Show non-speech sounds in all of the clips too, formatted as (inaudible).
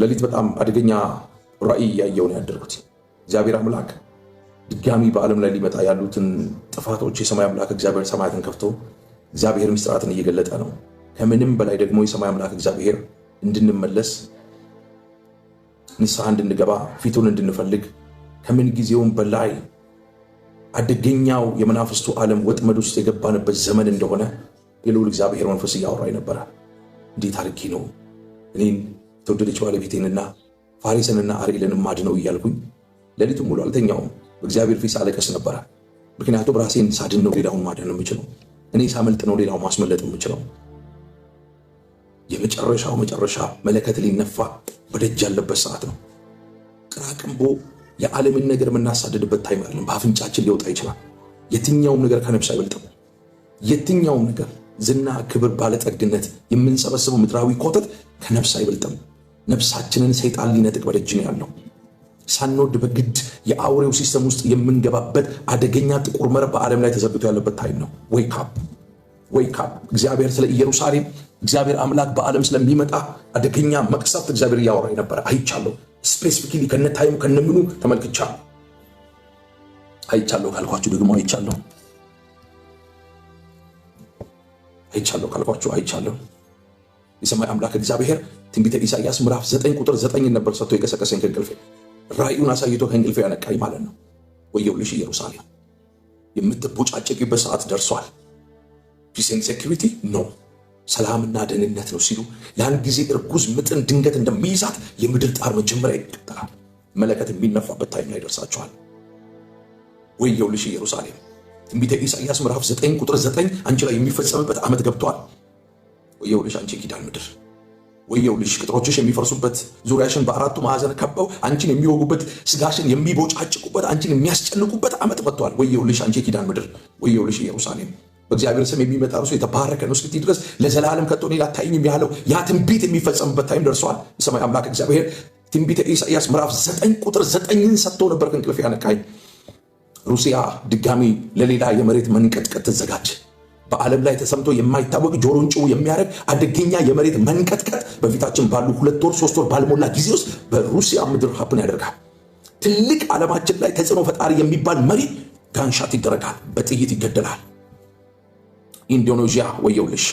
ሌሊት በጣም አደገኛ ራእይ ያየው ነው ያደርኩት። እግዚአብሔር አምላክ ድጋሚ በዓለም ላይ ሊመጣ ያሉትን ጥፋቶች የሰማይ አምላክ እግዚአብሔር ሰማያትን ከፍቶ እግዚአብሔር ምስጢራትን እየገለጠ ነው። ከምንም በላይ ደግሞ የሰማይ አምላክ እግዚአብሔር እንድንመለስ ንስሐ እንድንገባ ፊቱን እንድንፈልግ ከምን ጊዜውም በላይ አደገኛው የመናፍስቱ ዓለም ወጥመድ ውስጥ የገባንበት ዘመን እንደሆነ የልዑል እግዚአብሔር መንፈስ እያወራ ነበረ። እንዴት አድርጌ ነው እኔን ተወደደች ባለቤቴንና ፋሪስንና አርኤልንም አድነው እያልኩኝ ሌሊቱን ሙሉ አልተኛውም። በእግዚአብሔር ፊት ሳለቀስ ነበረ። ምክንያቱም ራሴን ሳድን ነው ሌላውን ማድን የምችለው፣ እኔ ሳመልጥ ነው ሌላው ማስመለጥ የምችለው። የመጨረሻው መጨረሻ መለከት ሊነፋ በደጅ ያለበት ሰዓት ነው። ቅራቅንቦ የዓለምን ነገር የምናሳድድበት ታይም አይደለም። በአፍንጫችን ሊወጣ ይችላል። የትኛውም ነገር ከነፍስ አይበልጥም። የትኛውም ነገር ዝና፣ ክብር፣ ባለጠግነት የምንሰበስበው ምድራዊ ኮተት ከነፍስ አይበልጥም። ነፍሳችንን ሰይጣን ሊነጥቅ በደጅ ነው ያለው። ሳንወድ በግድ የአውሬው ሲስተም ውስጥ የምንገባበት አደገኛ ጥቁር መረብ በዓለም ላይ ተዘርግቶ ያለበት ታይም ነው። ዌክ እግዚአብሔር ስለ ኢየሩሳሌም፣ እግዚአብሔር አምላክ በዓለም ስለሚመጣ አደገኛ መቅሰፍት እግዚአብሔር እያወራ የነበረ አይቻለሁ። ስፔሲፊካሊ ከነ ታይሙ ከነምኑ ተመልክቻ አይቻለሁ ካልኳችሁ ደግሞ አይቻለሁ አይቻለሁ ካልኳችሁ አይቻለሁ የሰማይ አምላክ እግዚአብሔር ትንቢተ ኢሳያስ ምዕራፍ 9 ቁጥር 9 ነበር ሰጥቶ የቀሰቀሰኝ ከእንቅልፌ ራእዩን አሳይቶ ከእንቅልፌ ያነቃኝ ማለት ነው። ወየውልሽ ኢየሩሳሌም የምትቦጫጨቂበት ሰዓት ደርሷል። ፒስ ሴኪሪቲ ኖ ሰላምና ደህንነት ነው ሲሉ ያን ጊዜ እርጉዝ ምጥን ድንገት እንደሚይዛት የምድር ጣር መጀመሪያ ይቀጠላል። መለከት የሚነፋበት ታይም ላይ ደርሳችኋል። ወየውልሽ ኢየሩሳሌም ትንቢተ ኢሳይያስ ምዕራፍ 9 ቁጥር 9 አንቺ ላይ የሚፈጸምበት ዓመት ገብቷል። ወየውልሽ አንቺ ኪዳን ምድር ወየውልሽ ቅጥሮችሽ የሚፈርሱበት ዙሪያሽን በአራቱ ማዕዘን ከበው አንቺን የሚወጉበት ስጋሽን የሚቦጫጭቁበት አንቺን የሚያስጨንቁበት ዓመት መጥቷል። ወየውልሽ አንቺ የኪዳን ምድር፣ ወየውልሽ ኢየሩሳሌም። በእግዚአብሔር ስም የሚመጣ እርሱ የተባረከ ነው እስክቲ ድረስ ለዘላለም ከቶ እኔ አታዩኝም ያለው ያ ትንቢት የሚፈጸምበት ታይም ደርሰዋል። የሰማይ አምላክ እግዚአብሔር ትንቢተ ኢሳያስ ምዕራፍ ዘጠኝ ቁጥር ዘጠኝን ሰጥቶ ነበር ከእንቅልፍ ያነቃኝ። ሩሲያ ድጋሚ ለሌላ የመሬት መንቀጥቀጥ ትዘጋጅ በዓለም ላይ ተሰምቶ የማይታወቅ ጆሮን ጭው የሚያደርግ አደገኛ የመሬት መንቀጥቀጥ በፊታችን ባሉ ሁለት ወር ሶስት ወር ባልሞላ ጊዜ ውስጥ በሩሲያ ምድር ሀፕን ያደርጋል። ትልቅ ዓለማችን ላይ ተጽዕኖ ፈጣሪ የሚባል መሪ ጋንሻት ይደረጋል፣ በጥይት ይገደላል። ኢንዶኔዥያ ወየውልሽ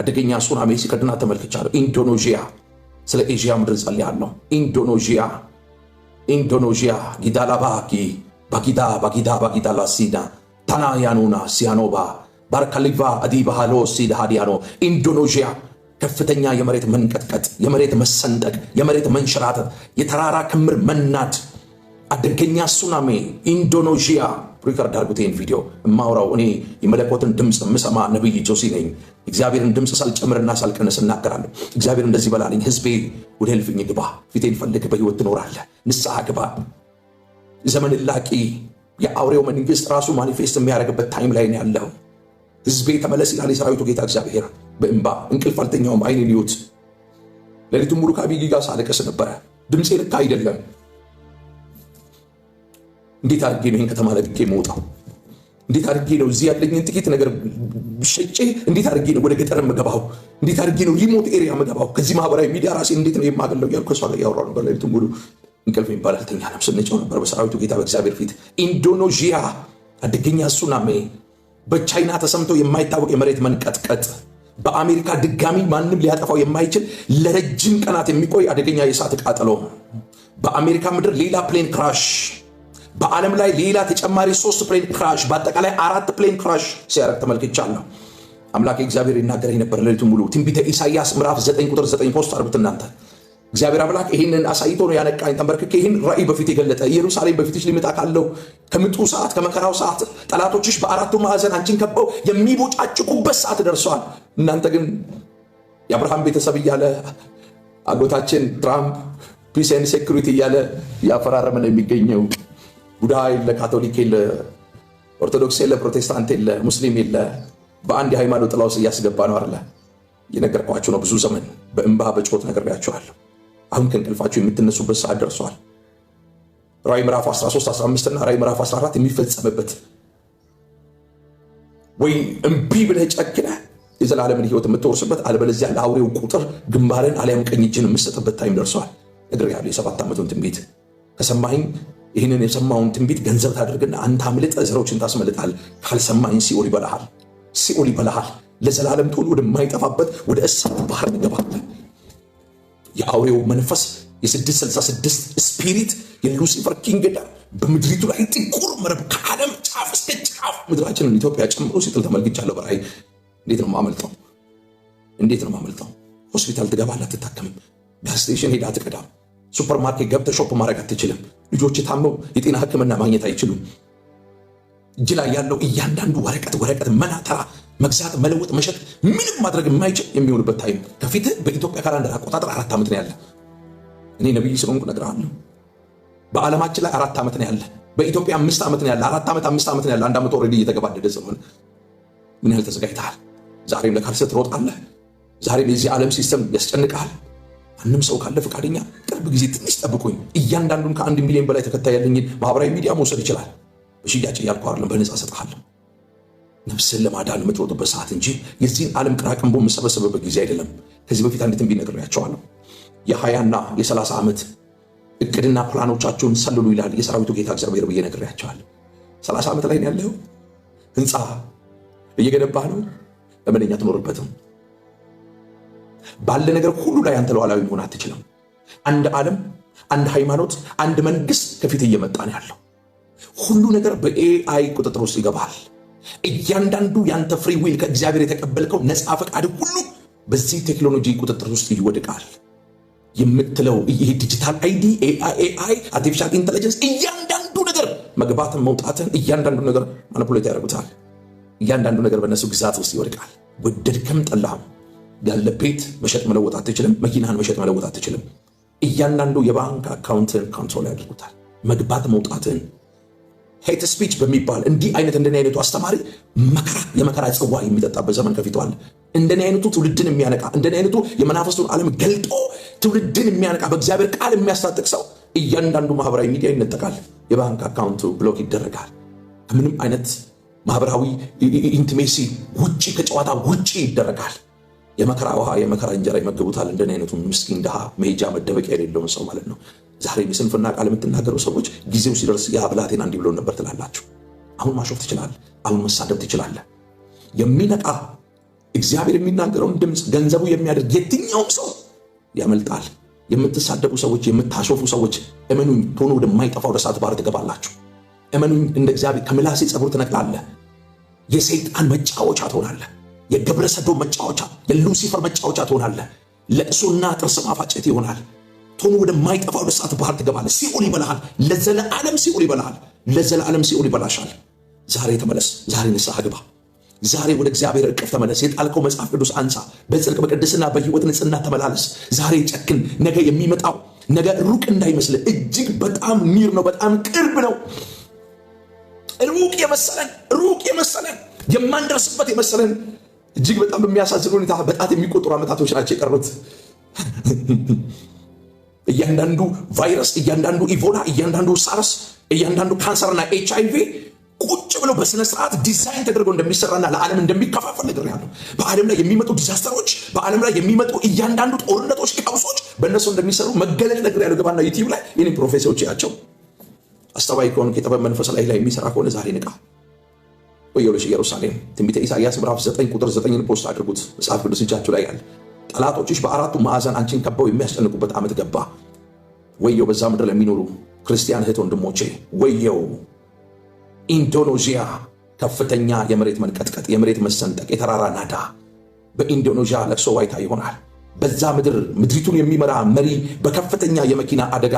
አደገኛ ሱናሚ ሲከድና ተመልክቻለሁ። ኢንዶኔዥያ ስለ ኤዥያ ምድር ጸልያለሁ። ኢንዶኔዥያ ኢንዶኔዥያ ጊዳላባኪ ባጊዳ ባጊዳ ባጊዳ ላሲዳ ታናያኑና ሲያኖባ ባርካሊቫ አዲባሃሎ ሲዳሃዲያኖ ኢንዶኔዥያ ከፍተኛ የመሬት መንቀጥቀጥ፣ የመሬት መሰንጠቅ፣ የመሬት መንሸራተት፣ የተራራ ክምር መናድ፣ አደገኛ ሱናሜ ኢንዶኔዥያ ሪከርድ አድርጉት። ይህን ቪዲዮ የማውራው እኔ የመለኮትን ድምፅ የምሰማ ነብይ ጆሲ ነኝ። እግዚአብሔርን ድምፅ ሳልጨምርና ሳልቀነስ እናገራለሁ። እግዚአብሔር እንደዚህ በላለኝ፣ ህዝቤ ወደ እልፍኝ ግባ፣ ፊቴን ፈልግ፣ በህይወት ትኖራለህ፣ ንስሐ ግባ። ዘመን ላቂ የአውሬው መንግስት ራሱ ማኒፌስት የሚያደርግበት ታይም ላይ ያለው። ህዝቤ ተመለስ ይላል የሰራዊቱ ጌታ እግዚአብሔር። በእንባ እንቅልፍ አልተኛውም። አይኔ ሊዮት ሌሊቱን ሙሉ ከአቢጊ ጋር ሳለቀስ ነበረ። ድምፄ ልክ አይደለም። እንዴት አድርጌ ነው ይህን ከተማ ለቅቄ መውጣው? እንዴት አድርጌ ነው እዚህ ያለኝን ጥቂት ነገር ሸጬ እንዴት አድርጌ ነው ወደ ገጠር መገባው? እንዴት አድርጌ ነው ሪሞት ኤሪያ መገባው? ከዚህ ማህበራዊ ሚዲያ ራሴ እንዴት ነው የማገለው? ያልኩ ከእሷ ጋር ነበር ለሊቱ ሙሉ እንቅልፍ የሚባል አልተኛንም። ስንጫው ነበር በሰራዊቱ ጌታ በእግዚአብሔር ፊት። ኢንዶኔዥያ አደገኛ ሱናሜ፣ በቻይና ተሰምቶ የማይታወቅ የመሬት መንቀጥቀጥ በአሜሪካ ድጋሚ ማንም ሊያጠፋው የማይችል ለረጅም ቀናት የሚቆይ አደገኛ የእሳት ቃጠሎ፣ በአሜሪካ ምድር ሌላ ፕሌን ክራሽ፣ በዓለም ላይ ሌላ ተጨማሪ ሶስት ፕሌን ክራሽ፣ በአጠቃላይ አራት ፕሌን ክራሽ ሲያደርግ ተመልክቻለሁ። አምላክ እግዚአብሔር ይናገረኝ ነበር ሌሊቱ ሙሉ። ትንቢተ ኢሳያስ ምዕራፍ 9 ቁጥር 9 ፖስት አርብት እናንተ እግዚአብሔር አምላክ ይህንን አሳይቶ ነው ያነቃኝ። ተንበርክኬ ይህን ራእይ በፊት የገለጠ ኢየሩሳሌም በፊትሽ ሊመጣ ካለው ከምጡ ሰዓት ከመከራው ሰዓት ጠላቶችሽ በአራቱ ማዕዘን አንቺን ከበው የሚቦጫጭቁበት ሰዓት ደርሷል። እናንተ ግን የአብርሃም ቤተሰብ እያለ አጎታችን ትራምፕ ፒስ ኤንድ ሴኩሪቲ እያለ እያፈራረመ ነው የሚገኘው። ቡድሃ የለ፣ ካቶሊክ የለ፣ ኦርቶዶክስ የለ፣ ፕሮቴስታንት የለ፣ ሙስሊም የለ፣ በአንድ የሃይማኖት ጥላ ውስጥ እያስገባ ነው አለ። የነገርኳችሁ ነው። ብዙ ዘመን በእንባ በጮት ነግሬያችኋለሁ። አሁን ከእንቅልፋቸው የምትነሱበት ሰዓት ደርሰዋል። ራዕይ ምዕራፍ 13 15 እና ራዕይ ምዕራፍ 14 የሚፈጸምበት ወይ እምቢ ብለህ ጨክነህ የዘላለምን ህይወት የምትወርስበት አለበለዚያ ለአውሬው ቁጥር ግንባርን አሊያም ቀኝ እጅን የምሰጥበት ታይም ደርሰዋል። እግር ያለው የሰባት ዓመቱን ትንቢት ከሰማኝ ይህንን የሰማውን ትንቢት ገንዘብ ታደርግና አንተ አምልጥ ዘሮችን ታስመልጣል። ካልሰማኝ ሲኦል ይበላሃል፣ ሲኦል ይበልሃል። ለዘላለም ቶሎ ወደማይጠፋበት ወደ እሳት ባህር ትገባለህ። የአውሬው መንፈስ የ666 ስፒሪት የሉሲፈር ኪንግደም በምድሪቱ ላይ ጥቁር መረብ ከዓለም ጫፍ እስከ ጫፍ ምድራችንን ኢትዮጵያ ጨምሮ ሲጥል ተመልክቻለሁ በራይ እንዴት ነው ማመልጠው? እንዴት ነው ማመልጠው? ሆስፒታል ትገባለህ፣ አትታከምም። ጋዝ ስቴሽን ሄዳ አትቀዳም። ሱፐርማርኬት ገብተህ ሾፕ ማድረግ አትችልም። ልጆች ታመው የጤና ሕክምና ማግኘት አይችሉም። እጅ ላይ ያለው እያንዳንዱ ወረቀት ወረቀት መናተራ መግዛት፣ መለወጥ፣ መሸጥ ምንም ማድረግ የማይችል የሚሆንበት ታይም ከፊት በኢትዮጵያ ካላንደር አቆጣጠር አራት ዓመት ነው ያለ። እኔ ነቢይ ስለሆንኩ እነግርሃለሁ። በዓለማችን ላይ አራት ዓመት ነው ያለ። በኢትዮጵያ አምስት ዓመት ነው ያለ። አራት ዓመት አምስት ዓመት ነው ያለ። አንድ ዓመት ኦልሬዲ እየተገባደደ ስለሆነ ምን ያህል ተዘጋጅተሃል? ዛሬም ለካርሰ ትሮጣለህ። ዛሬም የዚህ ዓለም ሲስተም ያስጨንቀሃል። አንም ሰው ካለ ፈቃደኛ ቅርብ ጊዜ ትንሽ ጠብቁኝ። እያንዳንዱን ከአንድ ሚሊዮን በላይ ተከታይ ያለኝን ማህበራዊ ሚዲያ መውሰድ ይችላል። በሽያጭ እያልኩ አይደለም፣ በነፃ እሰጥሃለሁ። ነፍስን ለማዳን የምትሮጥበት ሰዓት እንጂ የዚህን ዓለም ቅራቅንቦ የምሰበሰብበት ጊዜ አይደለም። ከዚህ በፊት አንድ ትንቢት ነግሬያቸዋለሁ። የሀያና የሰላሳ ዓመት እቅድና ፕላኖቻቸውን ሰልሉ ይላል የሰራዊቱ ጌታ እግዚአብሔር ብዬ ነግሬያቸዋለሁ። ሰላሳ ዓመት ላይ ያለው ህንፃ እየገነባ ነው። ለምንኛ ትኖርበትም ባለ ነገር ሁሉ ላይ አንተ ለዋላዊ መሆን አትችልም። አንድ ዓለም፣ አንድ ሃይማኖት፣ አንድ መንግስት ከፊት እየመጣ ነው ያለው። ሁሉ ነገር በኤአይ ቁጥጥር ውስጥ ይገባል። እያንዳንዱ ያንተ ፍሪ ዊል ከእግዚአብሔር የተቀበልከው ነፃ ፈቃድ ሁሉ በዚህ ቴክኖሎጂ ቁጥጥር ውስጥ ይወድቃል የምትለው ይህ ዲጂታል አይዲ ኤአይ አርቲፊሻል ኢንቴሊጀንስ እያንዳንዱ ነገር መግባትን መውጣትን እያንዳንዱ ነገር ማኒፑሌት ያደርጉታል። እያንዳንዱ ነገር በእነሱ ግዛት ውስጥ ይወድቃል። ወደድክም ጠላህም ያለ ቤት መሸጥ መለወጥ አትችልም። መኪናህን መሸጥ መለወጥ አትችልም። እያንዳንዱ የባንክ አካውንትን ኮንትሮል ያደርጉታል። መግባት መውጣትን ሄት ስፒች በሚባል እንዲህ አይነት እንደኔ አይነቱ አስተማሪ መከራ የመከራ ጽዋ የሚጠጣበት ዘመን ከፊቱ አለ። እንደኔ አይነቱ ትውልድን የሚያነቃ እንደኔ አይነቱ የመናፈስቱን ዓለም ገልጦ ትውልድን የሚያነቃ በእግዚአብሔር ቃል የሚያስታጥቅ ሰው እያንዳንዱ ማህበራዊ ሚዲያ ይነጠቃል። የባንክ አካውንቱ ብሎክ ይደረጋል። ከምንም አይነት ማህበራዊ ኢንቲሜሲ ውጪ ከጨዋታ ውጪ ይደረጋል። የመከራ ውሃ የመከራ እንጀራ ይመግቡታል። እንደኔ አይነቱ ምስኪን ድሃ መሄጃ መደበቂያ የሌለውን ሰው ማለት ነው። ዛሬ የስንፍና ቃል የምትናገሩ ሰዎች ጊዜው ሲደርስ ያ ብላቴና እንዲህ ብሎ ነበር ትላላችሁ። አሁን ማሾፍ ትችላለህ። አሁን መሳደብ ትችላለህ። የሚነቃ እግዚአብሔር የሚናገረውን ድምፅ ገንዘቡ የሚያደርግ የትኛውም ሰው ያመልጣል። የምትሳደቡ ሰዎች፣ የምታሾፉ ሰዎች እመኑኝ ቶሎ ወደማይጠፋ ወደ እሳት ባህር ትገባላችሁ። እመኑኝ እንደ እግዚአብሔር ከምላሴ ጸጉር ትነቅላለህ። የሰይጣን መጫወቻ ትሆናለህ። የግብረ ሰዶም መጫወቻ፣ የሉሲፈር መጫወቻ ትሆናለህ። ለቅሶና ጥርስ ማፋጨት ይሆናል። ቶን ወደማይጠፋ ወደ እሳት ባህር ትገባለህ። ሲኦል ይበላሃል። ለዘለዓለም ሲኦል ይበላሃል። ለዘለዓለም ሲኦል ይበላሻል። ዛሬ ተመለስ። ዛሬ ንስሐ ግባ። ዛሬ ወደ እግዚአብሔር እቅፍ ተመለስ። የጣልከው መጽሐፍ ቅዱስ አንሳ። በጽድቅ በቅድስና በሕይወት ንጽህና ተመላለስ። ዛሬ ጨክን። ነገ የሚመጣው ነገ ሩቅ እንዳይመስል፣ እጅግ በጣም ኒር ነው። በጣም ቅርብ ነው። ሩቅ የመሰለን ሩቅ የመሰለን የማንደርስበት የመሰለን እጅግ በጣም በሚያሳዝን ሁኔታ በጣት የሚቆጠሩ ዓመታቶች ናቸው የቀሩት። (laughs) እያንዳንዱ ቫይረስ፣ እያንዳንዱ ኢቮላ፣ እያንዳንዱ ሳርስ፣ እያንዳንዱ ካንሰርና ኤች አይቪ ቁጭ ብለው በስነ ስርዓት ዲዛይን ተደርገው እንደሚሰራና ለዓለም እንደሚከፋፈል ነገር ያለው በዓለም ላይ የሚመጡ ዲዛስተሮች፣ በዓለም ላይ የሚመጡ እያንዳንዱ ጦርነቶች፣ ቀውሶች በእነሱ እንደሚሰሩ መገለጥ ነገር ያለው ገባና ዩቲዩብ ላይ ይህን ፕሮፌሰሮች ያቸው አስተባይ ከሆኑ የጥበብ መንፈስ ላይ ላይ የሚሰራ ከሆነ ዛሬ ንቃ ወዮልሽ ኢየሩሳሌም! ትንቢተ ኢሳያስ ምዕራፍ 9 ቁጥር 9 ፖስት አድርጉት። መጽሐፍ ቅዱስ እጃችሁ ላይ ያለ። ጠላቶችሽ በአራቱ ማዕዘን አንቺን ከበው የሚያስጨንቁበት ዓመት ገባ። ወየው በዛ ምድር ለሚኖሩ ክርስቲያን እህት ወንድሞቼ፣ ወየው ኢንዶኔዥያ ከፍተኛ የመሬት መንቀጥቀጥ፣ የመሬት መሰንጠቅ፣ የተራራ ናዳ በኢንዶኔዥያ ለቅሶ ዋይታ ይሆናል። በዛ ምድር ምድሪቱን የሚመራ መሪ በከፍተኛ የመኪና አደጋ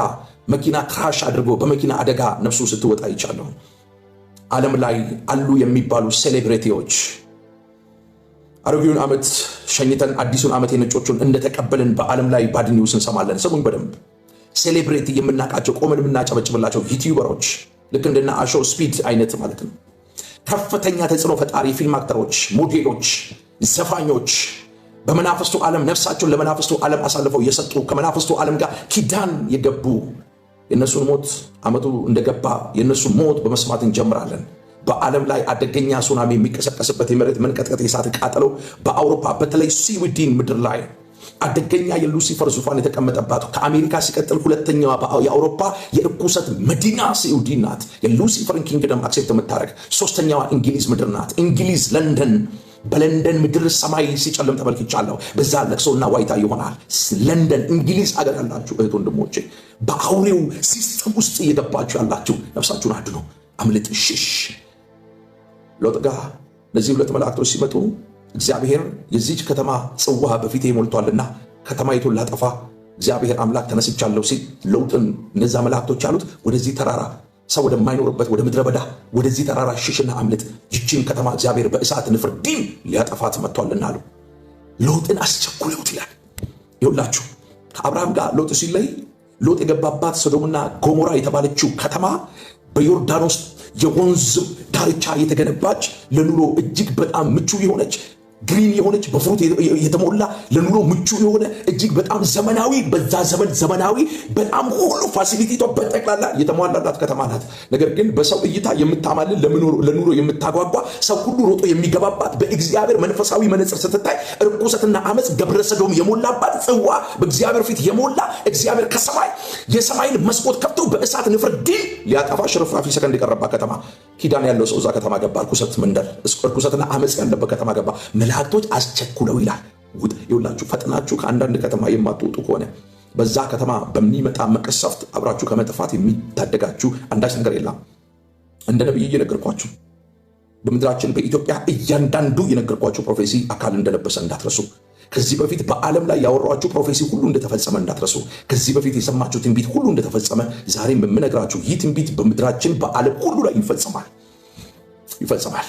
መኪና ክራሽ አድርጎ በመኪና አደጋ ነፍሱ ስትወጣ ይቻለሁ። ዓለም ላይ አሉ የሚባሉ ሴሌብሬቲዎች አሮጌውን ዓመት ሸኝተን አዲሱን ዓመት የነጮቹን እንደተቀበልን በዓለም ላይ ባድ ኒውስ እንሰማለን። ስሙኝ በደንብ ሴሌብሬቲ የምናቃቸው ቆመን የምናጨበጭብላቸው ዩቲዩበሮች ልክ እንደና አሾ ስፒድ አይነት ማለት ነው። ከፍተኛ ተጽዕኖ ፈጣሪ ፊልም አክተሮች፣ ሞዴሎች፣ ዘፋኞች በመናፍስቱ ዓለም ነፍሳቸውን ለመናፍስቱ ዓለም አሳልፈው የሰጡ ከመናፍስቱ ዓለም ጋር ኪዳን የገቡ የእነሱን ሞት አመቱ እንደገባ የእነሱን ሞት በመስማት እንጀምራለን። በዓለም ላይ አደገኛ ሱናሚ የሚቀሰቀስበት የመሬት መንቀጥቀጥ የእሳት ቃጠሎ በአውሮፓ በተለይ ስዊድን ምድር ላይ አደገኛ የሉሲፈር ዙፋን የተቀመጠባት ከአሜሪካ ሲቀጥል ሁለተኛዋ የአውሮፓ የርኩሰት መዲና ስዊድን ናት። የሉሲፈርን ኪንግደም አክሴፕት የምታደርግ ሶስተኛዋ እንግሊዝ ምድር ናት። እንግሊዝ ለንደን በለንደን ምድር ሰማይ ሲጨልም ተመልክቻለሁ። በዛ ለቅሶና ዋይታ ይሆናል። ለንደን እንግሊዝ አገር ያላችሁ እህት ወንድሞቼ፣ በአውሬው ሲስተም ውስጥ እየገባችሁ ያላችሁ ነፍሳችሁን አድኑ አምልጥ፣ ሽሽ። ሎጥ ጋር እነዚህ ሁለት መላእክቶች ሲመጡ እግዚአብሔር የዚች ከተማ ጽዋ በፊቴ ሞልቷልና ከተማይቱን ላጠፋ እግዚአብሔር አምላክ ተነስቻለሁ ሲል ሎጥን እነዛ መላእክቶች አሉት ወደዚህ ተራራ ሰው ወደማይኖርበት ወደ ምድረ በዳ ወደዚህ ተራራ ሽሽና አምልጥ፣ ይችን ከተማ እግዚአብሔር በእሳት ዲም ሊያጠፋት መጥቷልና አሉ። ሎጥን አስቸኩሉት ይላል። ይሁላችሁ ከአብርሃም ጋር ሎጥ ሲለይ ሎጥ የገባባት ሶዶምና ጎሞራ የተባለችው ከተማ በዮርዳኖስ የወንዝ ዳርቻ የተገነባች ለኑሮ እጅግ በጣም ምቹ የሆነች ግሪን የሆነች በፍሩት የተሞላ ለኑሮ ምቹ የሆነ እጅግ በጣም ዘመናዊ በዛ ዘመን ዘመናዊ በጣም ሁሉ ፋሲሊቲቷ በጠቅላላ የተሟላላት ከተማ ናት። ነገር ግን በሰው እይታ የምታማልን ለኑሮ የምታጓጓ ሰው ሁሉ ሮጦ የሚገባባት በእግዚአብሔር መንፈሳዊ መነጽር ስትታይ እርኩሰትና አመፅ ገብረሰዶም የሞላባት ጽዋ በእግዚአብሔር ፊት የሞላ እግዚአብሔር ከሰማይ የሰማይን መስኮት ከፍቶ በእሳት ንፍር ድል ሊያጠፋ ሽርፍራፊ ሰከንድ የቀረባት ከተማ ኪዳን ያለው ሰው እዛ ከተማ ገባ። እርኩሰት መንደር፣ እርኩሰትና አመፅ ያለበት ከተማ ገባ። መላእክቶች አስቸኩለው ይላል። ውጥ ይውላችሁ ፈጥናችሁ ከአንዳንድ ከተማ የማትወጡ ከሆነ በዛ ከተማ በሚመጣ መቅሰፍት አብራችሁ ከመጥፋት የሚታደጋችሁ አንዳች ነገር የለም። እንደ ነቢይ እየነገርኳችሁ በምድራችን በኢትዮጵያ እያንዳንዱ የነገርኳችሁ ፕሮፌሲ አካል እንደለበሰ እንዳትረሱ። ከዚህ በፊት በዓለም ላይ ያወራችሁ ፕሮፌሲ ሁሉ እንደተፈጸመ እንዳትረሱ። ከዚህ በፊት የሰማችሁ ትንቢት ሁሉ እንደተፈጸመ ዛሬም የምነግራችሁ ይህ ትንቢት በምድራችን በዓለም ሁሉ ላይ ይፈጸማል ይፈጸማል።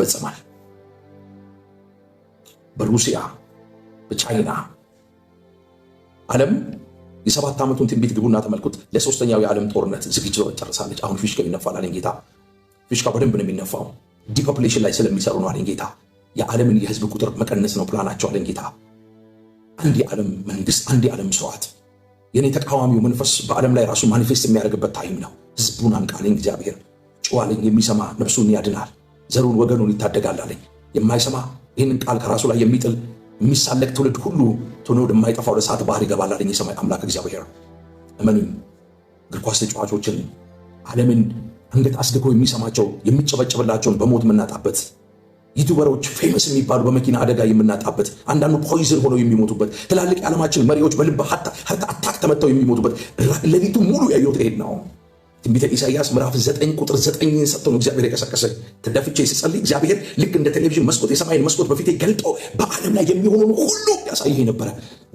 ይፈጸማል። በሩሲያ በቻይና ዓለም የሰባት ዓመቱን ትንቢት ግቡና ተመልኩት። ለሶስተኛው የዓለም ጦርነት ዝግጅት ጨርሳለች። አሁን ፊሽካው ይነፋል አለኝ ጌታ። በደንብ ነው የሚነፋው። ዲፖፕሌሽን ላይ ስለሚሰሩ ነው አለኝ ጌታ። የዓለምን የህዝብ ቁጥር መቀነስ ነው ፕላናቸው አለኝ ጌታ። አንድ የዓለም መንግስት፣ አንድ የዓለም ሰዋት። የእኔ ተቃዋሚው መንፈስ በዓለም ላይ ራሱ ማኒፌስት የሚያደርግበት ታይም ነው። ህዝቡን አንቃለኝ እግዚአብሔር ጭዋለኝ። የሚሰማ ነፍሱን ያድናል። ዘሩን ወገኑን ይታደጋል አለኝ። የማይሰማ ይህንን ቃል ከራሱ ላይ የሚጥል የሚሳለቅ ትውልድ ሁሉ ቶሎ ወደማይጠፋ ወደ እሳት ባህር ይገባል አለኝ የሰማይ አምላክ እግዚአብሔር። እመኑኝ እግር ኳስ ተጫዋቾችን ዓለምን አንገት አስደጎ የሚሰማቸው የሚጨበጨብላቸውን በሞት የምናጣበት ዩቱበሮች ፌመስ የሚባሉ በመኪና አደጋ የምናጣበት አንዳንዱ ፖይዝን ሆነው የሚሞቱበት ትላልቅ የዓለማችን መሪዎች በልብ ሀርት አታክ ተመተው የሚሞቱበት ሌሊቱ ሙሉ ያየሁት ይሄድ ነው። ትንቢተ ኢሳያስ ምዕራፍ ዘጠኝ ቁጥር ዘጠኝ ሰጥቶን እግዚአብሔር የቀሰቀሰኝ ተደፍቼ ስጸልይ እግዚአብሔር ልክ እንደ ቴሌቪዥን መስኮት የሰማይን መስኮት በፊቴ ገልጦ በዓለም ላይ የሚሆኑ ሁሉ ያሳየኝ ነበረ።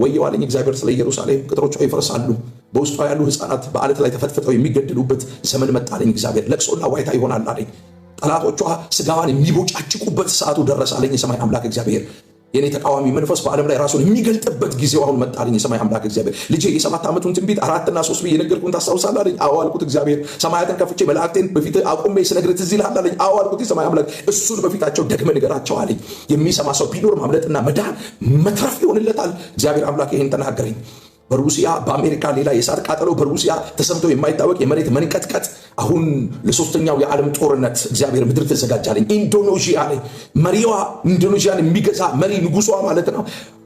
ወየዋለኝ እግዚአብሔር ስለ ኢየሩሳሌም ቅጥሮቿ ይፈርሳሉ፣ በውስጧ ያሉ ሕፃናት በአለት ላይ ተፈትፍተው የሚገደሉበት ዘመን መጣለኝ። እግዚአብሔር ለቅሶና ዋይታ ይሆናል አለኝ። ጠላቶቿ ስጋዋን የሚቦጫጭቁበት ሰዓቱ ደረሳለኝ። የሰማይ አምላክ እግዚአብሔር የኔ ተቃዋሚ መንፈስ በዓለም ላይ ራሱን የሚገልጥበት ጊዜው አሁን መጣልኝ። የሰማይ አምላክ እግዚአብሔር ልጄ የሰባት ዓመቱን ትንቢት አራትና ሶስት ብዬ የነገርኩን ታስታውሳለህ አለኝ። አዎ አልኩት። እግዚአብሔር ሰማያትን ከፍቼ መላእክቴን በፊት አቁሜ ስነግርህ ትዝ ይልሃል አለኝ። አዎ አልኩት። የሰማይ አምላክ እሱን በፊታቸው ደግመ ንገራቸው አለኝ። የሚሰማ ሰው ቢኖር ማምለጥና መዳን መትረፍ ይሆንለታል። እግዚአብሔር አምላክ ይህን ተናገረኝ። በሩሲያ በአሜሪካ ሌላ የእሳት ቃጠሎ በሩሲያ ተሰምቶ የማይታወቅ የመሬት መንቀጥቀጥ አሁን ለሶስተኛው የዓለም ጦርነት እግዚአብሔር ምድር ትዘጋጃለኝ። ኢንዶኔዥያ ላይ መሪዋ ኢንዶኔዥያን የሚገዛ መሪ ንጉሷ ማለት ነው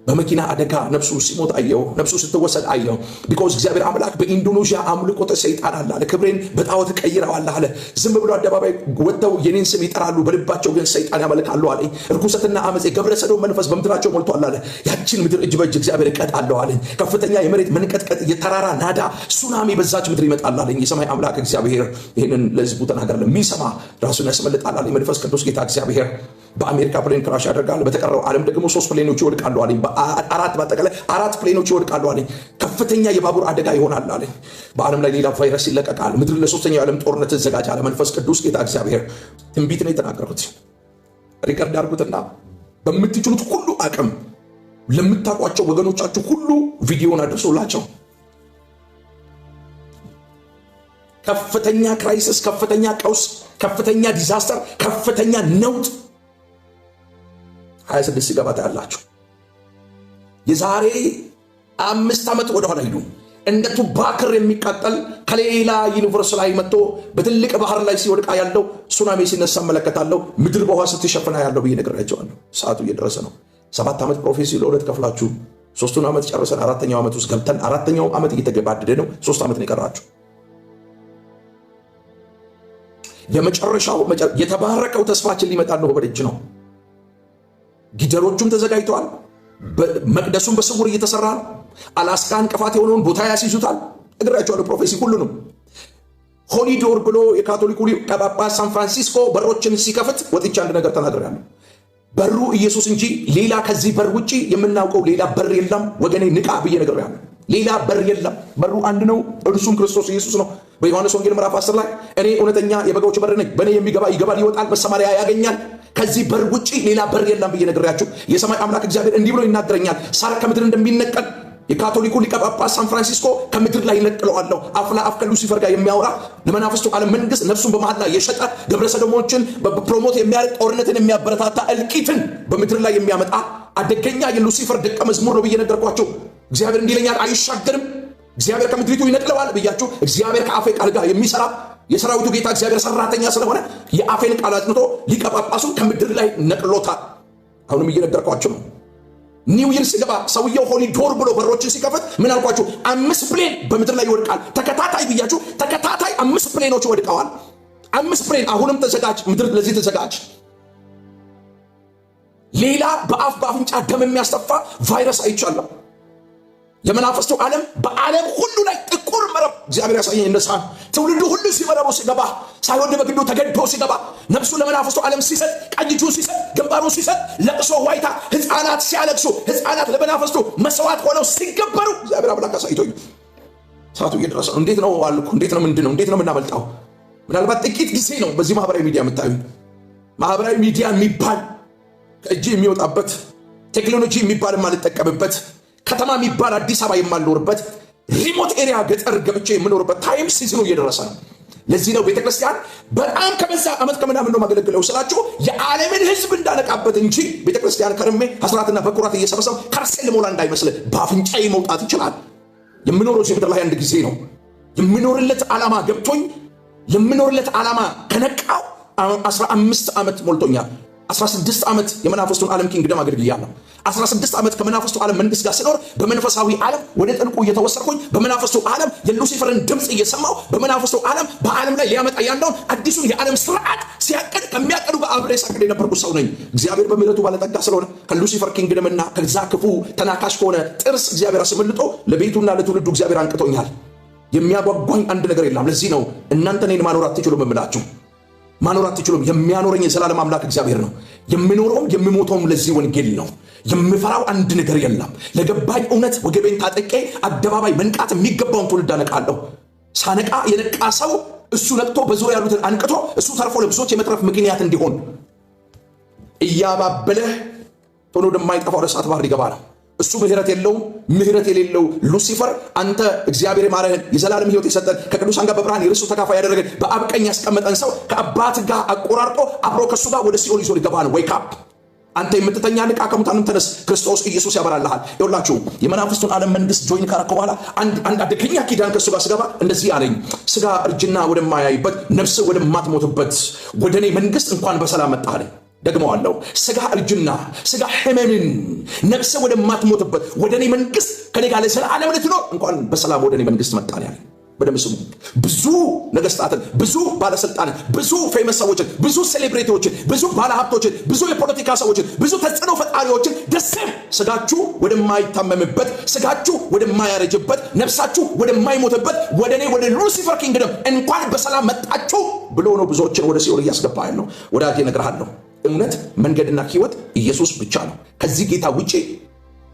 በመኪና አደጋ ነፍሱ ሲሞት አየው፣ ነፍሱ ስትወሰድ አየው። ቢኮዝ እግዚአብሔር አምላክ በኢንዶኔዥያ አምልኮተ ሰይጣን አለ አለ ክብሬን በጣዖት ቀይረዋል አለ። ዝም ብሎ አደባባይ ወጥተው የኔን ስም ይጠራሉ፣ በልባቸው ግን ሰይጣን ያመልካሉ አለ። እርኩሰትና አመፄ ገብረ ሰዶም መንፈስ በምድራቸው ሞልቷል አለ። ያችን ምድር እጅ በእጅ እግዚአብሔር እቀጣለሁ አለ። ከፍተኛ የመሬት መንቀጥቀጥ፣ የተራራ ናዳ፣ ሱናሚ በዛች ምድር ይመጣል አለ። የሰማይ አምላክ እግዚአብሔር ይህንን ለህዝቡ ተናገረ። ለሚሰማ ራሱን ያስመልጣል አለ። መንፈስ ቅዱስ ጌታ እግዚአብሔር በአሜሪካ ፕሌን ክራሽ ያደርጋል። በተቀረው ዓለም ደግሞ ሶስት ፕሌኖች ይወድቃሉ አለኝ። አራት በአጠቃላይ አራት ፕሌኖች ይወድቃሉ አለኝ። ከፍተኛ የባቡር አደጋ ይሆናል አለኝ። በዓለም ላይ ሌላ ቫይረስ ይለቀቃል። ምድር ለሶስተኛው የዓለም ጦርነት አለ። መንፈስ ቅዱስ ጌታ እግዚአብሔር ትንቢት ነው የተናገሩት። ሪከርድ አድርጉትና በምትችሉት ሁሉ አቅም ለምታውቋቸው ወገኖቻችሁ ሁሉ ቪዲዮን አድርሱላቸው። ከፍተኛ ክራይሲስ፣ ከፍተኛ ቀውስ፣ ከፍተኛ ዲዛስተር፣ ከፍተኛ ነውጥ 26 ሲገባ ታያላችሁ። የዛሬ አምስት ዓመት ወደኋላ ሂዱ። እንደ ቱባክር ክር የሚቃጠል ከሌላ ዩኒቨርስ ላይ መጥቶ በትልቅ ባህር ላይ ሲወድቃ ያለው ሱናሚ ሲነሳ እመለከታለሁ። ምድር በውሃ ስትሸፍና ያለው ብዬ ነግሬያቸዋለሁ። ሰዓቱ እየደረሰ ነው። ሰባት ዓመት ፕሮፌሲ ለሁለት ከፍላችሁ ሶስቱን ዓመት ጨርሰን አራተኛው ዓመት ውስጥ ገብተን አራተኛው ዓመት እየተገባደደ ነው። ሶስት ዓመት ነው የቀራችሁ። የመጨረሻው የተባረቀው ተስፋችን ሊመጣ ነው፣ በደጅ ነው። ጊደሮቹም ተዘጋጅተዋል። መቅደሱን በስውር እየተሰራ ነው። አላስካ እንቅፋት የሆነውን ቦታ ያስይዙታል። እግራቸዋለሁ ፕሮፌሲ ሁሉንም ሆሊዶር ብሎ የካቶሊኩ ጳጳስ ሳን ፍራንሲስኮ በሮችን ሲከፍት ወጥቼ አንድ ነገር ተናግሬያለሁ። በሩ ኢየሱስ እንጂ ሌላ ከዚህ በር ውጭ የምናውቀው ሌላ በር የለም። ወገኔ ንቃ ብዬ ነግሬያለሁ። ሌላ በር የለም። በሩ አንድ ነው፣ እርሱም ክርስቶስ ኢየሱስ ነው። በዮሐንስ ወንጌል ምዕራፍ 10 ላይ እኔ እውነተኛ የበጎች በር ነኝ፣ በእኔ የሚገባ ይገባል፣ ይወጣል፣ በሰማርያ ያገኛል፣ ከዚህ በር ውጪ ሌላ በር የለም ብዬ ነግሬያችሁ፣ የሰማይ አምላክ እግዚአብሔር እንዲህ ብሎ ይናገረኛል፣ ሳር ከምድር እንደሚነቀል የካቶሊኩ ሊቀ ጳጳስ ሳን ፍራንሲስኮ ከምድር ላይ ነቅለዋለሁ። አፍ ለአፍ ከሉሲፈር ጋር የሚያወራ ለመናፍስቱ ዓለም መንግስት ነፍሱን ላይ የሸጠ ግብረ በፕሮሞት የሚያደርግ ጦርነትን የሚያበረታታ እልቂትን በምድር ላይ የሚያመጣ አደገኛ የሉሲፈር ደቀ መዝሙር ነው ብዬ ነገርኳቸው። እግዚአብሔር እንዲህ ይለኛል፣ አይሻገርም። እግዚአብሔር ከምድሪቱ ይነቅለዋል ብያችሁ እግዚአብሔር ከአፌ ቃል ጋር የሚሰራ የሰራዊቱ ጌታ እግዚአብሔር ሰራተኛ ስለሆነ የአፌን ቃል አጽንቶ ሊቀ ጳጳሱን ከምድር ላይ ነቅሎታል። አሁንም እየነገርኳችሁ ነው። ኒው ይር ሲገባ ሰውየው ሆሊ ዶር ብሎ በሮችን ሲከፍት ምን አልኳችሁ? አምስት ፕሌን በምድር ላይ ይወድቃል። ተከታታይ ብያችሁ ተከታታይ አምስት ፕሌኖች ይወድቀዋል። አምስት ፕሌን። አሁንም ተዘጋጅ፣ ምድር ለዚህ ተዘጋጅ። ሌላ በአፍ በአፍንጫ ደም የሚያስተፋ ቫይረስ አይቻለሁ። የመናፍስቱ ዓለም በዓለም ሁሉ ላይ ጥቁር መረብ እግዚአብሔር ያሳየኝ እንደሳ ትውልዱ ሁሉ ሲመረቡ ሲገባ ሳይወድ በግዱ ተገድቶ ሲገባ ነፍሱ ለመናፍስቱ ዓለም ሲሰጥ ቀኝ እጁን ሲሰጥ ግንባሩን ሲሰጥ ለቅሶ ዋይታ ህፃናት ሲያለቅሱ ህፃናት ለመናፍስቱ መስዋዕት ሆነው ሲገበሩ እግዚአብሔር አምላክ አሳይቶኝ ሰዓቱ እየደረሰ ነው። እንዴት ነው አልኩ። እንዴት ነው ምንድን ነው እንዴት ነው የምናመልጣው? ምናልባት ጥቂት ጊዜ ነው በዚህ ማህበራዊ ሚዲያ የምታዩ ማህበራዊ ሚዲያ የሚባል ከእጅ የሚወጣበት ቴክኖሎጂ የሚባል የማልጠቀምበት ከተማ የሚባል አዲስ አበባ የማልኖርበት ሪሞት ኤሪያ ገጠር ገብቼ የምኖርበት ታይም ሲዝኑ እየደረሰ ነው። ለዚህ ነው ቤተክርስቲያን በጣም ከበዛ ዓመት ከምናምን ነው ማገለግለው ስላችሁ የዓለምን ሕዝብ እንዳነቃበት እንጂ ቤተክርስቲያን ከርሜ ሀስራትና በኩራት እየሰበሰብ ከርሴ ልሞላ እንዳይመስል በአፍንጫዬ መውጣት ይችላል። የምኖረው እዚህ ምድር ላይ አንድ ጊዜ ነው። የምኖርለት ዓላማ ገብቶኝ የምኖርለት ዓላማ ከነቃው አስራ አምስት ዓመት ሞልቶኛል። 16 ዓመት የመናፍስቱን ዓለም ኪንግደም አገልግያለሁ። 16 ዓመት ከመናፍስቱ ዓለም መንግስት ጋር ስኖር በመንፈሳዊ ዓለም ወደ ጥልቁ እየተወሰድኩኝ በመናፍስቱ ዓለም የሉሲፈርን ድምፅ እየሰማው በመናፍስቱ ዓለም በዓለም ላይ ሊያመጣ ያለውን አዲሱን የዓለም ስርዓት ሲያቀድ ከሚያቀዱ በአብሬ ሳቀድ የነበርኩ ሰው ነኝ። እግዚአብሔር በምሕረቱ ባለጠጋ ስለሆነ ከሉሲፈር ኪንግደምና ከዛ ክፉ ተናካሽ ከሆነ ጥርስ እግዚአብሔር አስመልጦ ለቤቱና ለትውልዱ እግዚአብሔር አንቅቶኛል። የሚያጓጓኝ አንድ ነገር የለም። ለዚህ ነው እናንተ እኔን ማኖር አትችሉም የምላችሁ። ማኖር አትችሉም። የሚያኖረኝ የዘላለም አምላክ እግዚአብሔር ነው። የሚኖረውም የሚሞተውም ለዚህ ወንጌል ነው። የምፈራው አንድ ነገር የለም። ለገባኝ እውነት ወገቤን ታጠቄ አደባባይ መንቃት የሚገባውን ትውልድ አነቃለሁ። ሳነቃ የነቃ ሰው እሱ ነቅቶ በዙሪያ ያሉትን አንቅቶ እሱ ተርፎ ለብሶች የመትረፍ ምክንያት እንዲሆን እያባበለህ ቶሎ ወደማይጠፋ ወደ እሳት ባህር ይገባ ነው። እሱ ምህረት የለውም። ምህረት የሌለው ሉሲፈር አንተ እግዚአብሔር ማረህን የዘላለም ህይወት የሰጠን ከቅዱሳን ጋር በብርሃን የርሱ ተካፋይ ያደረገን በአብ ቀኝ ያስቀመጠን ሰው ከአባት ጋር አቆራርጦ አብሮ ከእሱ ጋር ወደ ሲኦል ይዞ ሊገባ ነው። ወይክ አንተ የምትተኛ ንቃ፣ ከሙታንም ተነስ፣ ክርስቶስ ኢየሱስ ያበራልሃል። ይኸውላችሁ የመናፍስቱን ዓለም መንግስት ጆይን ካረኩ በኋላ አንድ አደገኛ ኪዳን ከእሱ ጋር ስገባ እንደዚህ አለኝ፣ ስጋ እርጅና ወደማያይበት ነፍስ ወደማትሞትበት ወደ እኔ መንግስት እንኳን በሰላም መጣ አለኝ። ደግመዋለሁ። ስጋ እርጅና፣ ስጋ ሕመምን ነብሰ ወደማትሞትበት ወደ እኔ መንግስት ከኔ ጋር ስለ ልትኖር እንኳን በሰላም ወደ እኔ መንግስት መጣን ያለ በደምብ ስሙ። ብዙ ነገስታትን፣ ብዙ ባለስልጣንን፣ ብዙ ፌመስ ሰዎችን፣ ብዙ ሴሌብሬቲዎችን፣ ብዙ ባለሀብቶችን፣ ብዙ የፖለቲካ ሰዎችን፣ ብዙ ተጽዕኖ ፈጣሪዎችን ደስም ስጋችሁ ወደማይታመምበት፣ ስጋችሁ ወደማያረጅበት፣ ነፍሳችሁ ወደማይሞትበት ወደ እኔ ወደ ሉሲፈር ኪንግደም እንኳን በሰላም መጣችሁ ብሎ ነው ብዙዎችን ወደ ሲኦል እያስገባ ያለው። ወዳጄ እነግርሃለሁ እውነት መንገድና ህይወት ኢየሱስ ብቻ ነው። ከዚህ ጌታ ውጪ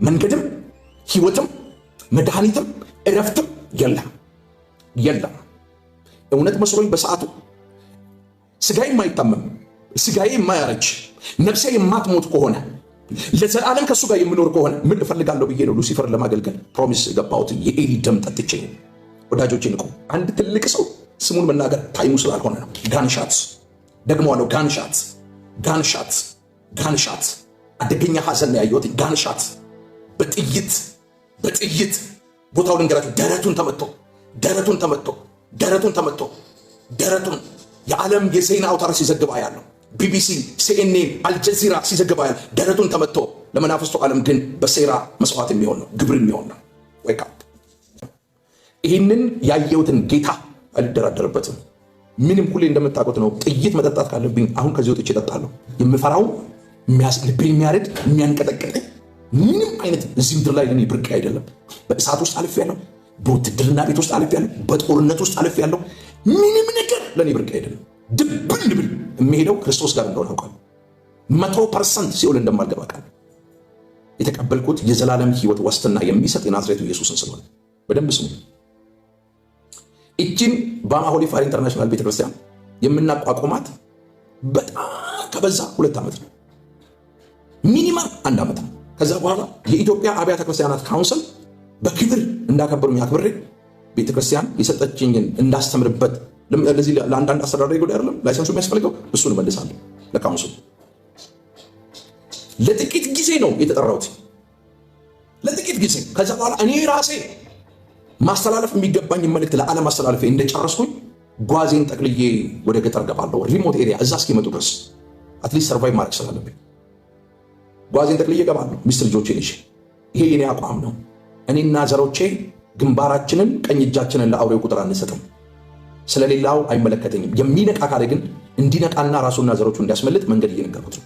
መንገድም ህይወትም መድኃኒትም እረፍትም የለም የለም። እውነት መስሎኝ በሰዓቱ ስጋ የማይታመም ስጋዬ የማያረጅ ነፍሴ የማትሞት ከሆነ ለዘላለም ከእሱ ጋር የምኖር ከሆነ ምን እፈልጋለሁ ብዬ ነው ሉሲፈር ለማገልገል ፕሮሚስ የገባሁት የኤሊ ደም ጠጥቼ። ወዳጆቼ ንቁ፣ አንድ ትልቅ ሰው ስሙን መናገር ታይሙ ስላልሆነ ነው። ጋንሻት ደግመዋለሁ፣ ጋንሻት ጋንሻት ጋንሻት አደገኛ ሀዘን ነው ያየሁት። ጋንሻት በጥይት በጥይት ቦታው ልንገራችሁ፣ ደረቱን ተመቶ ደረቱን ተመቶ ደረቱን ተመቶ ደረቱን የዓለም የዜና አውታር ሲዘግባ ያለው ቢቢሲ፣ ሲኤንኤን፣ አልጀዚራ ሲዘግባ ያለ ደረቱን ተመቶ ለመናፍስቱ ዓለም ግን በሴራ መስዋዕት የሚሆን ነው፣ ግብር የሚሆን ነው። ይህንን ያየሁትን ጌታ አልደራደርበትም። ምንም ሁሌ እንደምታውቁት ነው። ጥይት መጠጣት ካለብኝ አሁን ከዚህ ወጥቼ እጠጣለሁ። የምፈራው ልቤ የሚያረድ የሚያንቀጠቀጠኝ ምንም አይነት እዚህ ምድር ላይ ለእኔ ብርቅ አይደለም። በእሳት ውስጥ አልፍ ያለው በውትድርና ቤት ውስጥ አልፍ ያለው፣ በጦርነት ውስጥ አልፍ ያለው ምንም ነገር ለእኔ ብርቅ አይደለም። ድብን ድብል የሚሄደው ክርስቶስ ጋር እንደሆነ አውቃለሁ። መቶ ፐርሰንት ሲኦል እንደማልገባ ቃል የተቀበልኩት የዘላለም ህይወት ዋስትና የሚሰጥ የናዝሬቱ ኢየሱስን ስለሆነ በደንብ ስሙ። እችን ባማ ሆሊ ፋር ኢንተርናሽናል ቤተክርስቲያን የምናቋቁማት በጣም ከበዛ ሁለት ዓመት ነው፣ ሚኒማም አንድ ዓመት ነው። ከዛ በኋላ የኢትዮጵያ አብያተ ክርስቲያናት ካውንስል በክብር እንዳከበሩኝ አክብሬ ቤተክርስቲያን የሰጠችኝን እንዳስተምርበት ለዚህ ለአንዳንድ አስተዳዳሪ ጉዳይ አይደለም ላይሰንሱ የሚያስፈልገው እሱን እመልሳለሁ ለካውንስሉ። ለጥቂት ጊዜ ነው የተጠራሁት፣ ለጥቂት ጊዜ። ከዛ በኋላ እኔ ራሴ ማስተላለፍ የሚገባኝ መልእክት ለዓለም አስተላለፌ እንደጨረስኩኝ ጓዜን ጠቅልዬ ወደ ገጠር ገባለሁ። ሪሞት ኤሪያ እዛ እስኪመጡ ድረስ አትሊስት ሰርቫይቭ ማድረግ ስላለብኝ ጓዜን ጠቅልዬ ገባለሁ። ሚስት ልጆቼን ይዤ ይሄ የኔ አቋም ነው። እኔና ዘሮቼ ግንባራችንን ቀኝ እጃችንን ለአውሬው ቁጥር አንሰጥም። ስለሌላው አይመለከተኝም። የሚነቃ ካለ ግን እንዲነቃና ራሱና ዘሮቹ እንዲያስመልጥ መንገድ እየነገርኩት ነው።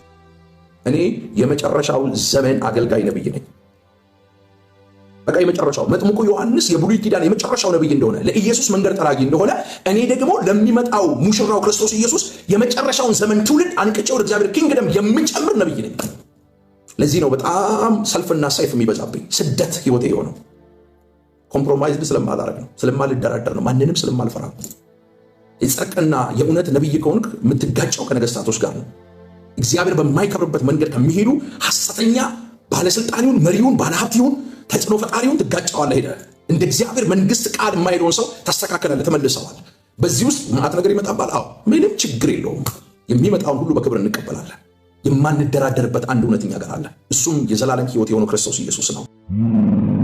እኔ የመጨረሻው ዘመን አገልጋይ ነብይ ነኝ። በቃ የመጨረሻው መጥምቁ ዮሐንስ የብሉይ ኪዳን የመጨረሻው ነብይ እንደሆነ ለኢየሱስ መንገድ ጠራጊ እንደሆነ እኔ ደግሞ ለሚመጣው ሙሽራው ክርስቶስ ኢየሱስ የመጨረሻውን ዘመን ትውልድ አንቅጬ ወደ እግዚአብሔር ኪንግደም የምጨምር ነብይ ነኝ። ለዚህ ነው በጣም ሰልፍና ሰይፍ የሚበዛብኝ ስደት ህይወቴ የሆነው ኮምፕሮማይዝ ስለማላረግ ነው፣ ስለማልደራደር ነው፣ ማንንም ስለማልፈራ ነው። የእውነት ነብይ ከሆንክ የምትጋጨው ከነገስታቶች ጋር ነው። እግዚአብሔር በማይከብርበት መንገድ ከሚሄዱ ሐሰተኛ ባለስልጣን ይሁን መሪውን ባለሀብት ይሁን ተጽዕኖ ፈጣሪውን ትጋጨዋለህ ሄደ እንደ እግዚአብሔር መንግስት ቃል የማይለውን ሰው ታስተካከላለ ተመልሰዋል። በዚህ ውስጥ ማት ነገር ይመጣባል። አዎ ምንም ችግር የለውም። የሚመጣውን ሁሉ በክብር እንቀበላለን። የማንደራደርበት አንድ እውነተኛ ነገር አለ። እሱም የዘላለም ህይወት የሆነው ክርስቶስ ኢየሱስ ነው።